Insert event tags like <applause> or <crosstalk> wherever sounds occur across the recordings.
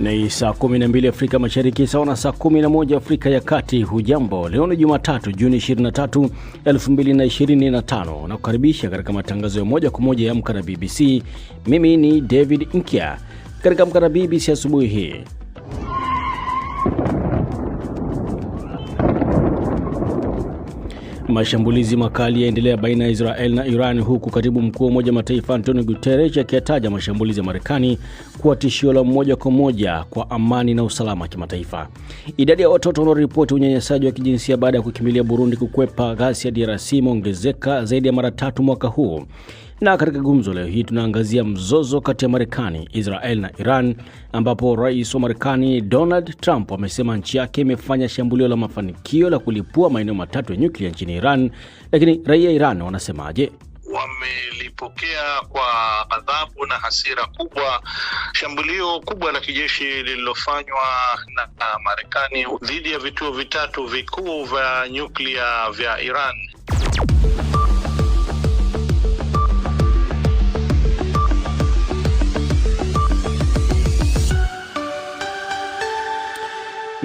Ni saa 12 Afrika Mashariki sawa na saa 11 Afrika ya Kati. Hujambo, leo ni Jumatatu Juni 23, 2025 na kukaribisha katika matangazo ya moja kwa moja ya mkana BBC. Mimi ni David Nkya. Katika mkana BBC asubuhi hii Mashambulizi makali yaendelea baina ya Israel na Iran huku katibu mkuu wa Umoja Mataifa Antonio Guterres akiyataja mashambulizi ya Marekani kuwa tishio la moja kwa moja kwa amani na usalama wa kimataifa. Idadi ya watoto wanaoripoti unyanyasaji wa kijinsia baada ya kukimbilia Burundi kukwepa ghasia ya DRC imeongezeka zaidi ya mara tatu mwaka huu. Na katika gumzo leo hii tunaangazia mzozo kati ya Marekani, Israel na Iran, ambapo rais wa Marekani Donald Trump amesema nchi yake imefanya shambulio la mafanikio la kulipua maeneo matatu ya nyuklia nchini Iran. Lakini raia Iran wanasemaje? Wamelipokea kwa adhabu na hasira kubwa shambulio kubwa la kijeshi lililofanywa na Marekani dhidi ya vituo vitatu vikuu vya nyuklia vya Iran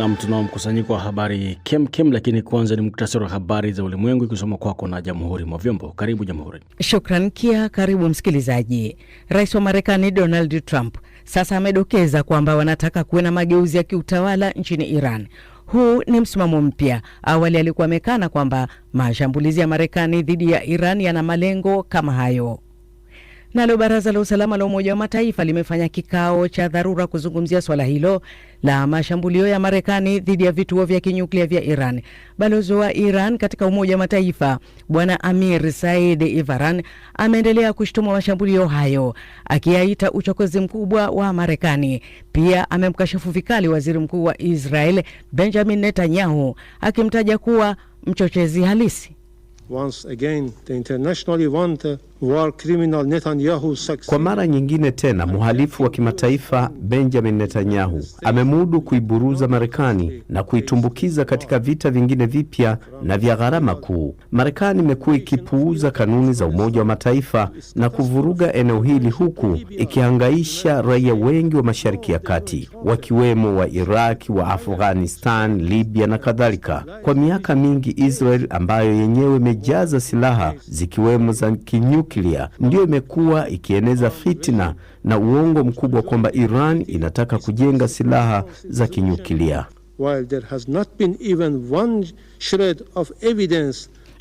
Nam, tunao mkusanyiko wa habari kemkem kem, lakini kwanza ni muktasari wa habari za ulimwengu ikisoma kwako na Jamhuri mwa vyombo. Karibu Jamhuri. Shukran Kia. Karibu msikilizaji. Rais wa Marekani Donald Trump sasa amedokeza kwamba wanataka kuwe na mageuzi ya kiutawala nchini Iran. Huu ni msimamo mpya. Awali alikuwa amekana kwamba mashambulizi ya Marekani dhidi ya Iran yana malengo kama hayo. Nalo baraza la usalama la Umoja wa Mataifa limefanya kikao cha dharura kuzungumzia swala hilo la mashambulio ya Marekani dhidi ya vituo vya kinyuklia vya Iran. Balozi wa Iran katika Umoja wa Mataifa Bwana Amir Said Ivaran ameendelea kushtuma mashambulio hayo akiyaita uchokozi mkubwa wa Marekani. Pia amemkashifu vikali waziri mkuu wa Israel Benjamin Netanyahu akimtaja kuwa mchochezi halisi. Once again, the kwa mara nyingine tena mhalifu wa kimataifa Benjamin Netanyahu amemudu kuiburuza Marekani na kuitumbukiza katika vita vingine vipya na vya gharama kuu. Marekani imekuwa ikipuuza kanuni za Umoja wa Mataifa na kuvuruga eneo hili huku ikihangaisha raia wengi wa Mashariki ya Kati wakiwemo wa iraki wa Afghanistan, Libya na kadhalika. Kwa miaka mingi Israel ambayo yenyewe imejaza silaha zikiwemo za kinyuki nyuklia ndiyo imekuwa ikieneza fitina na uongo mkubwa kwamba Iran inataka kujenga silaha za kinyuklia.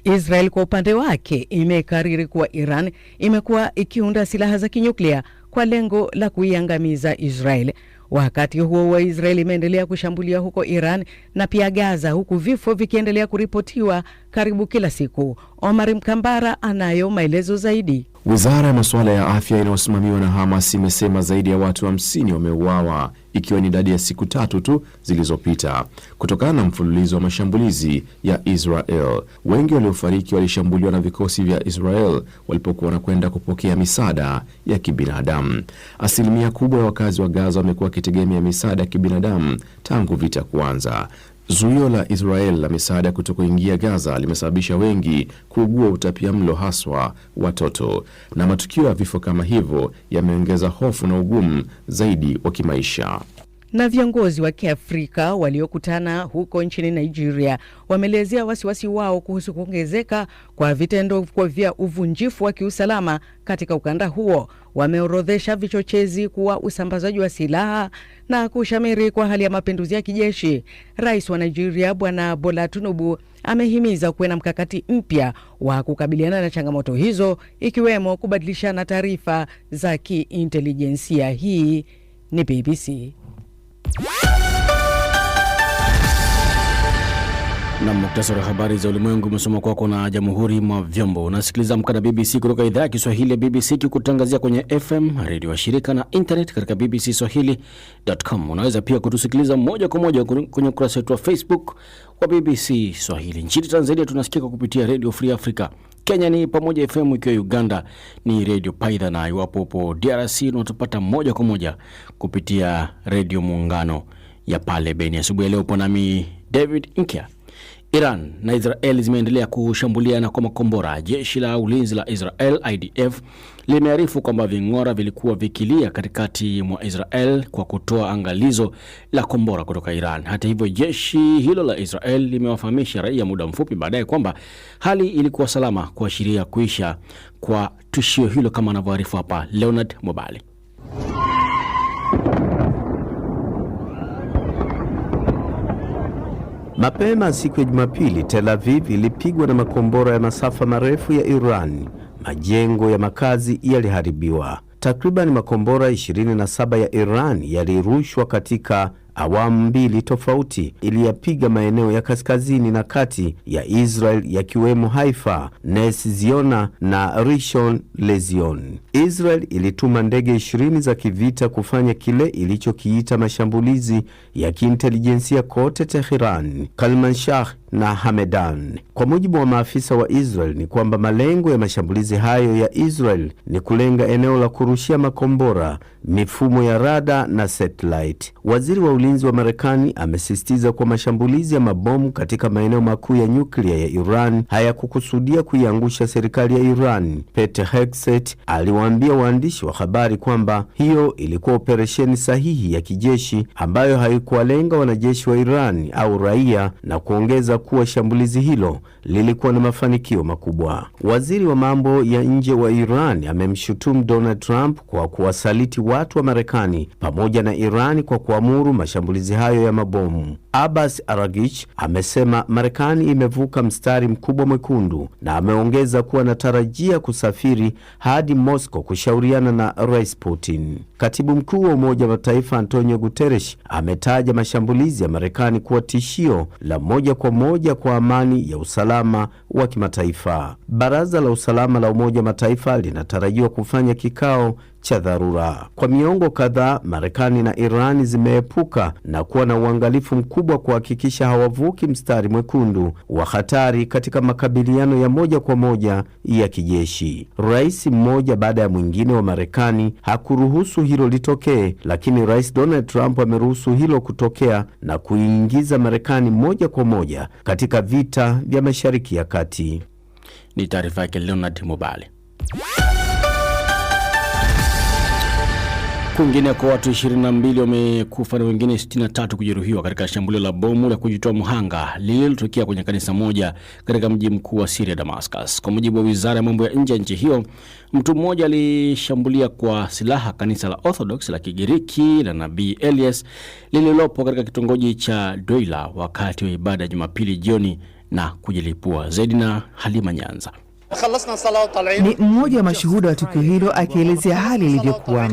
Israel kwa upande wake imekariri kuwa Iran imekuwa ikiunda silaha za kinyuklia kwa lengo la kuiangamiza Israel. Wakati huo wa Israel imeendelea kushambulia huko Iran na pia Gaza, huku vifo vikiendelea kuripotiwa karibu kila siku. Omar Mkambara anayo maelezo zaidi. Wizara ya masuala ya afya inayosimamiwa na Hamas imesema zaidi ya watu 50 wa wameuawa ikiwa ni idadi ya siku tatu tu zilizopita kutokana na mfululizo wa mashambulizi ya Israel. Wengi waliofariki walishambuliwa na vikosi vya Israel walipokuwa wanakwenda kupokea misaada ya kibinadamu. Asilimia kubwa ya wakazi wa Gaza wamekuwa wakitegemea misaada ya kibinadamu tangu vita kuanza. Zuio la Israel la misaada kutokuingia Gaza limesababisha wengi kuugua utapia mlo haswa watoto, na matukio ya vifo kama hivyo yameongeza hofu na ugumu zaidi wa kimaisha na viongozi wa Kiafrika waliokutana huko nchini Nigeria wameelezea wasiwasi wao kuhusu kuongezeka kwa vitendo vya uvunjifu wa kiusalama katika ukanda huo. Wameorodhesha vichochezi kuwa usambazaji wa silaha na kushamiri kwa hali ya mapinduzi ya kijeshi. Rais wa Nigeria Bwana Bola Tinubu amehimiza kuwe na mkakati mpya wa kukabiliana na changamoto hizo, ikiwemo kubadilishana taarifa za kiintelijensia. Hii ni BBC. Na muktasari wa habari za ulimwengu umesoma kwako na Jamhuri mwa Vyombo. Unasikiliza Amka BBC kutoka idhaa ya Kiswahili ya BBC kikutangazia kwenye FM redio wa shirika na intnet katika BBC Swahili.com. Unaweza pia kutusikiliza moja kwa moja kwenye ukurasa wetu wa Facebook wa BBC Swahili. Nchini Tanzania tunasikika kupitia Redio Free Africa. Kenya ni Pamoja FM, ikiwa Uganda ni Redio Paidha, na iwapo upo DRC unatopata moja kwa moja kupitia Redio Muungano ya pale Beni. Asubuhi ya leo upo nami David nkia Iran na Israel zimeendelea kushambuliana kwa makombora. Jeshi la ulinzi la Israel IDF limearifu kwamba ving'ora vilikuwa vikilia katikati mwa Israel kwa kutoa angalizo la kombora kutoka Iran. Hata hivyo, jeshi hilo la Israel limewafahamisha raia muda mfupi baadaye kwamba hali ilikuwa salama, kuashiria kuisha kwa tishio hilo, kama anavyoarifu hapa Leonard Mobali. Mapema siku ya Jumapili, Tel Aviv ilipigwa na makombora ya masafa marefu ya Iran. Majengo ya makazi yaliharibiwa. Takriban makombora 27 ya Iran yalirushwa katika awamu mbili tofauti iliyapiga maeneo ya kaskazini na kati ya Israel yakiwemo Haifa, Nes Ziona na Rishon Lezion. Israel ilituma ndege ishirini za kivita kufanya kile ilichokiita mashambulizi ya kiintelijensia kote Teheran, Kalmanshah na Hamedan. Kwa mujibu wa maafisa wa Israel ni kwamba malengo ya mashambulizi hayo ya Israel ni kulenga eneo la kurushia makombora, mifumo ya rada na satellite. Waziri wa ulinzi wa Marekani amesisitiza kuwa mashambulizi ya mabomu katika maeneo makuu ya nyuklia ya Iran hayakukusudia kuiangusha serikali ya Iran. Pete Hegseth aliwaambia waandishi wa habari kwamba hiyo ilikuwa operesheni sahihi ya kijeshi ambayo haikuwalenga wanajeshi wa Iran au raia na kuongeza kuwa shambulizi hilo lilikuwa na mafanikio makubwa. Waziri wa mambo ya nje wa Iran amemshutumu Donald Trump kwa kuwasaliti watu wa Marekani pamoja na Iran kwa kuamuru mashambulizi hayo ya mabomu. Abbas aragich amesema Marekani imevuka mstari mkubwa mwekundu na ameongeza kuwa anatarajia kusafiri hadi Moscow kushauriana na Rais Putin. Katibu Mkuu wa Umoja wa Mataifa Antonio Guterres ametaja mashambulizi ya Marekani kuwa tishio la moja kwa moja pamoja kwa amani ya usalama wa kimataifa. Baraza la Usalama la Umoja wa Mataifa linatarajiwa kufanya kikao cha dharura. Kwa miongo kadhaa, Marekani na Irani zimeepuka na kuwa na uangalifu mkubwa kuhakikisha hawavuki mstari mwekundu wa hatari katika makabiliano ya moja kwa moja ya kijeshi. Rais mmoja baada ya mwingine wa Marekani hakuruhusu hilo litokee, lakini Rais Donald Trump ameruhusu hilo kutokea na kuingiza Marekani moja kwa moja katika vita vya Mashariki ya Kati. Ni taarifa yake Leonard Mubale. kwa watu 22 wamekufa na wengine 63 kujeruhiwa katika shambulio la bomu la kujitoa mhanga lililotokea kwenye kanisa moja katika mji mkuu wa Syria Damascus. Kwa mujibu wa wizara ya mambo ya nje ya nchi hiyo, mtu mmoja alishambulia kwa silaha kanisa la Orthodox la Kigiriki la Nabii Elias lililopo katika kitongoji cha Doila wakati wa ibada ya Jumapili jioni na kujilipua. Zaidi na Halima Nyanza. Ni mmoja wa mashuhuda wa tukio hilo akielezea hali ilivyokuwa.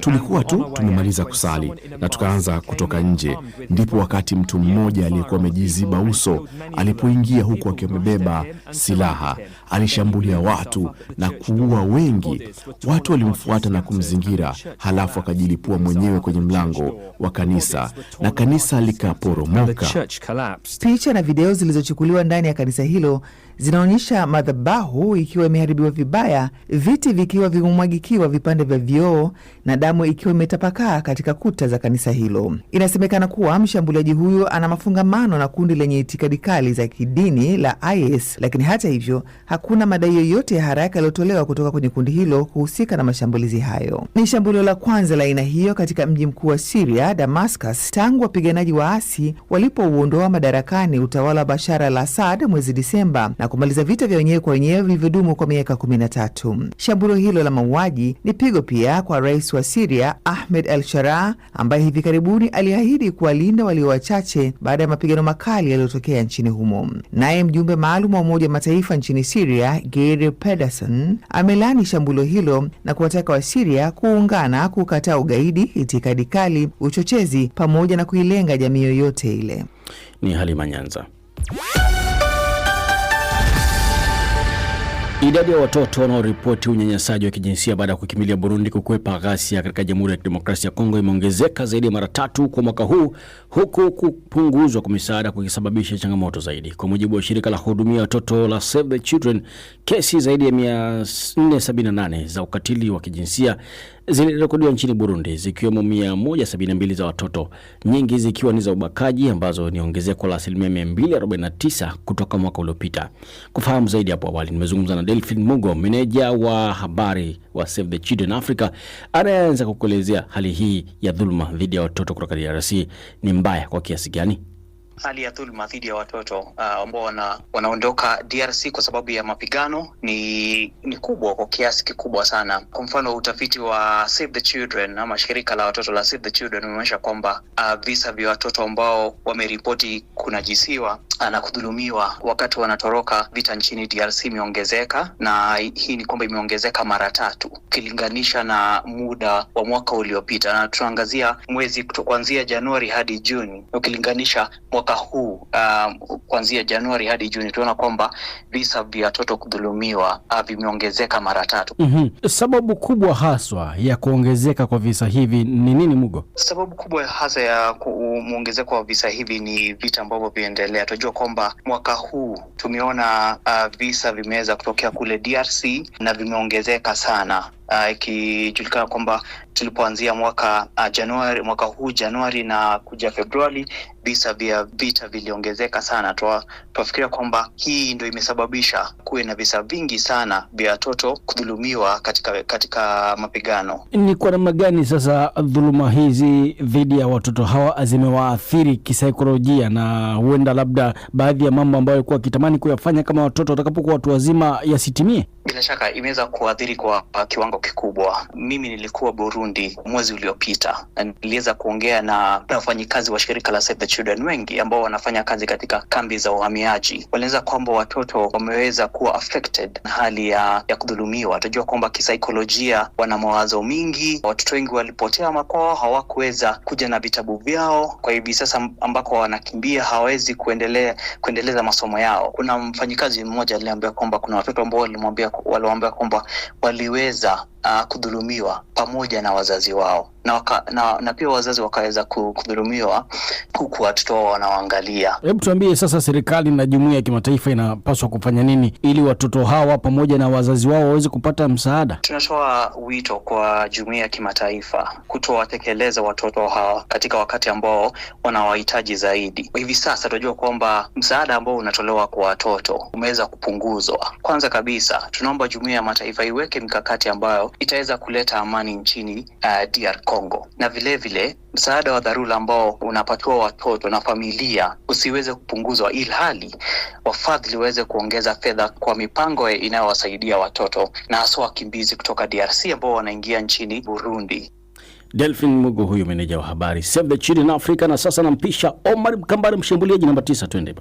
Tulikuwa tu tumemaliza kusali na tukaanza kutoka nje, ndipo wakati mtu mmoja aliyekuwa amejiziba uso alipoingia, huku akiwa amebeba silaha, alishambulia watu na kuua wengi. Watu walimfuata na kumzingira, halafu akajilipua mwenyewe kwenye mlango wa kanisa na kanisa likaporomoka. Picha na video zilizochukuliwa ndani ya kanisa hilo zinaonyesha inaonyesha madhabahu ikiwa imeharibiwa vibaya, viti vikiwa vimemwagikiwa vipande vya vioo na damu ikiwa imetapakaa katika kuta za kanisa hilo. Inasemekana kuwa mshambuliaji huyo ana mafungamano na kundi lenye itikadi kali za kidini la IS, lakini hata hivyo hakuna madai yoyote ya haraka yaliyotolewa kutoka kwenye kundi hilo kuhusika na mashambulizi hayo. Ni shambulio la kwanza la aina hiyo katika mji mkuu wa Siria, Damascus, tangu wapiganaji waasi walipouondoa madarakani utawala wa Bashar al Assad mwezi Disemba na kumaliza kumaliza vita vya wenyewe kwa wenyewe vilivyodumu kwa miaka 13. Shambulio hilo la mauaji ni pigo pia kwa rais wa Siria Ahmed al Sharaa, ambaye hivi karibuni aliahidi kuwalinda walio wachache baada ya mapigano makali yaliyotokea nchini humo. Naye mjumbe maalum wa Umoja wa Mataifa nchini Siria Geir Pedersen amelani shambulio hilo na kuwataka Wasiria kuungana kukataa ugaidi, itikadi kali, uchochezi pamoja na kuilenga jamii yoyote ile. Ni Halima Nyanza. Idadi ya watoto wanaoripoti unyanyasaji wa kijinsia baada ya kukimbilia Burundi kukwepa ghasia katika Jamhuri ya Kidemokrasia ya Kongo imeongezeka zaidi ya mara tatu kwa mwaka huu, huku kupunguzwa kwa misaada kukisababisha changamoto zaidi. Kwa mujibu wa shirika la kuhudumia watoto la Save the Children, kesi zaidi ya 478 za ukatili wa kijinsia zilirekodiwa nchini Burundi, zikiwemo 172 za watoto, nyingi zikiwa ni za ubakaji, ambazo ni ongezeko la asilimia 249 kutoka mwaka uliopita. Kufahamu zaidi hapo awali nimezungumza na Delphin Mugo, meneja wa habari wa Save the Children Africa, anaanza kukuelezea hali hii ya dhuluma dhidi ya watoto kutoka DRC ni mbaya kwa kiasi gani? hali ya dhuluma dhidi ya watoto uh, ambao wana, wanaondoka DRC kwa sababu ya mapigano ni ni kubwa kwa kiasi kikubwa sana. Kwa mfano utafiti wa Save the Children ama shirika la watoto la Save the Children umeonyesha kwamba uh, visa vya watoto ambao wameripoti kunajisiwa uh, na kudhulumiwa wakati wanatoroka vita nchini DRC imeongezeka, na hii ni kwamba imeongezeka mara tatu ukilinganisha na muda wa mwaka uliopita, na tunaangazia mwezi kuanzia Januari hadi Juni ukilinganisha mwaka mwaka huu um, kuanzia Januari hadi Juni tunaona kwamba visa vya watoto kudhulumiwa uh, vimeongezeka mara tatu. mm -hmm. Sababu kubwa haswa ya kuongezeka kwa visa hivi ni nini, Mugo? Sababu kubwa hasa ya kuongezeka kwa visa hivi ni vita ambavyo viendelea Tunajua kwamba mwaka huu tumeona uh, visa vimeweza kutokea kule DRC na vimeongezeka sana Uh, ikijulikana uh, kwamba tulipoanzia mwaka uh, Januari mwaka huu Januari na kuja Februari, visa vya vita viliongezeka sana. Tunafikiria kwamba hii ndo imesababisha kuwe na visa vingi sana vya watoto kudhulumiwa katika, katika mapigano. Ni kwa namna gani sasa dhuluma hizi dhidi ya watoto hawa zimewaathiri kisaikolojia, na huenda labda baadhi ya mambo ambayo alikuwa akitamani kuyafanya kama watoto watakapokuwa watu wazima yasitimie? bila shaka imeweza kuathiri kwa kiwango kikubwa. Mimi nilikuwa Burundi mwezi uliopita na niliweza kuongea na wafanyikazi wa shirika la Save the Children wengi ambao wanafanya kazi katika kambi za uhamiaji, walieleza kwamba watoto wameweza kuwa affected na hali ya, ya kudhulumiwa. Watajua kwamba kisaikolojia wana mawazo mingi. Watoto wengi walipotea makwao, hawakuweza kuja na vitabu vyao. Kwa hivi sasa ambako wanakimbia hawawezi kuendelea kuendeleza masomo yao. Kuna mfanyikazi mmoja aliambia kwamba kuna watoto ambao walimwambia walioambia kwamba waliweza uh, kudhulumiwa pamoja na wazazi wao na, waka, na, na pia wazazi wakaweza kudhulumiwa huku watoto wao wanawaangalia. Hebu tuambie sasa, serikali na jumuia ya kimataifa inapaswa kufanya nini ili watoto hawa pamoja na wazazi wao waweze kupata msaada? Tunatoa wito kwa jumuia ya kimataifa kutowatekeleza watoto hawa katika wakati ambao wanawahitaji zaidi. Hivi sasa tunajua kwamba msaada ambao unatolewa kwa watoto umeweza kupunguzwa. Kwanza kabisa, tunaomba jumuia ya mataifa iweke mikakati ambayo itaweza kuleta amani nchini uh, DR Congo, na vilevile vile, msaada wa dharura ambao unapatiwa watoto na familia usiweze kupunguzwa, ilhali wafadhili waweze kuongeza fedha kwa mipango inayowasaidia watoto na haswa wakimbizi kutoka DRC ambao wanaingia nchini Burundi. Delphin Mugu huyu meneja wa habari Save the Children Africa. Na sasa nampisha Omar Mkambari, mshambuliaji namba 9 twende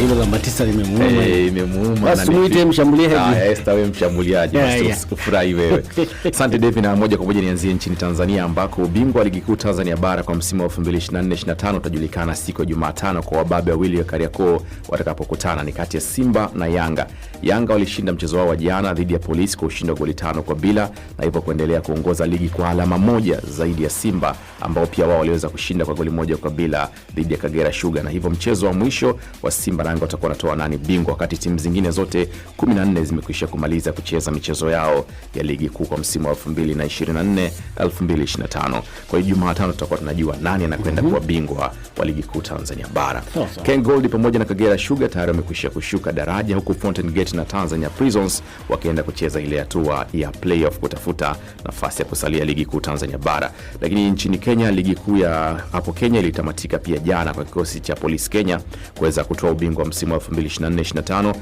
hilo la matisa limemuuma. Eh, basi muite ah, mshambuliaji. mshambuliaji. usifurahi wewe. <laughs> Asante David na moja kwa moja nianzie nchini Tanzania ambako ubingwa wa ligi kuu Tanzania bara kwa msimu wa 2024-2025 utajulikana siku ya Jumatano kwa wababe wawili wa Kariakoo watakapokutana ni kati ya Simba na Yanga. Yanga walishinda mchezo wao wa jana dhidi ya Polisi kwa ushindi wa goli tano kwa bila na hivyo kuendelea kuongoza ligi kwa alama moja zaidi ya Simba ambao pia wao waliweza kushinda kwa goli moja kwa bila dhidi ya Kagera Sugar na hivyo mchezo wa mwisho wa Simba nange watakuwa wanatoa nani bingwa, wakati timu zingine zote 14 zimekwisha kumaliza kucheza michezo yao ya ligi kuu kwa msimu wa 2024 2025. Kwa hiyo Jumatano tutakuwa tunajua nani anakwenda mm -hmm. kuwa bingwa wa ligi kuu Tanzania bara. Awesome. Ken Gold pamoja na Kagera shuga tayari wamekwisha kushuka daraja, huku fontengate na Tanzania Prisons wakienda kucheza ile hatua ya playoff kutafuta nafasi ya kusalia ligi kuu Tanzania bara. Lakini nchini Kenya, ligi kuu ya hapo Kenya ilitamatika pia jana kwa kikosi cha Polisi Kenya kuweza kutoa ubingwa msimu wa 2024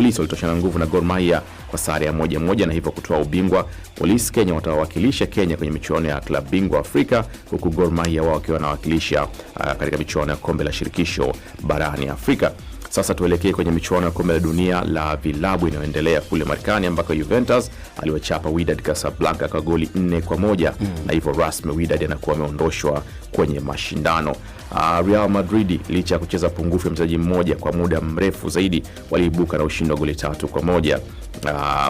Polisi walitoshana nguvu na Gor Mahia kwa sare ya moja moja na hivyo kutoa ubingwa. Polisi Kenya watawakilisha Kenya kwenye michuano ya klabu bingwa Afrika, huku Gor Mahia wao wakiwa wanawakilisha uh, katika michuano ya kombe la shirikisho barani Afrika. Sasa tuelekee kwenye michuano ya kombe la dunia la vilabu inayoendelea kule Marekani, ambako Juventus aliwachapa widad Casablanca kwa goli 4 kwa moja mm. na hivyo rasmi widad anakuwa ameondoshwa kwenye mashindano. Uh, Real Madrid licha ya kucheza pungufu ya mchezaji mmoja kwa muda mrefu zaidi waliibuka na ushindi wa goli tatu kwa moja. Uh,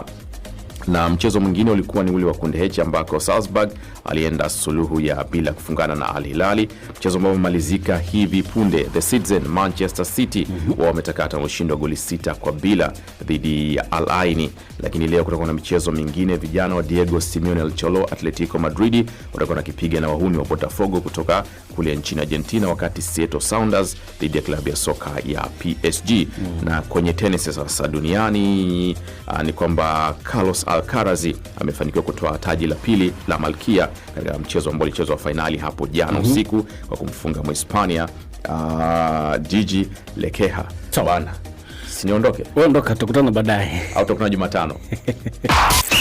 na mchezo mwingine ulikuwa ni ule wa kundi hechi ambako Salzburg alienda suluhu ya bila kufungana na Al Hilali, mchezo ambao umemalizika hivi punde. The Citizen Manchester City wao mhm. wametakata ushindi wa goli sita kwa bila dhidi ya Al Lakini leo kutakuwa na michezo mingine. Vijana wa Diego Simeone El Cholo Atletico madridi watakuwa kipiga na wahuni wa Botafogo kutoka kule nchini Argentina, wakati Seattle Sounders dhidi ya klabu ya soka ya PSG. Mhm. Na kwenye tenis sasa duniani ah, ni kwamba Carlos karazi amefanikiwa kutoa taji la pili la malkia katika mchezo ambao ulichezwa fainali hapo jana mm -hmm. usiku kwa kumfunga Mhispania uh, ah, Gigi Lekeha bana. Siniondoke, ondoka, tukutana baadaye au tukutana Jumatano. <laughs>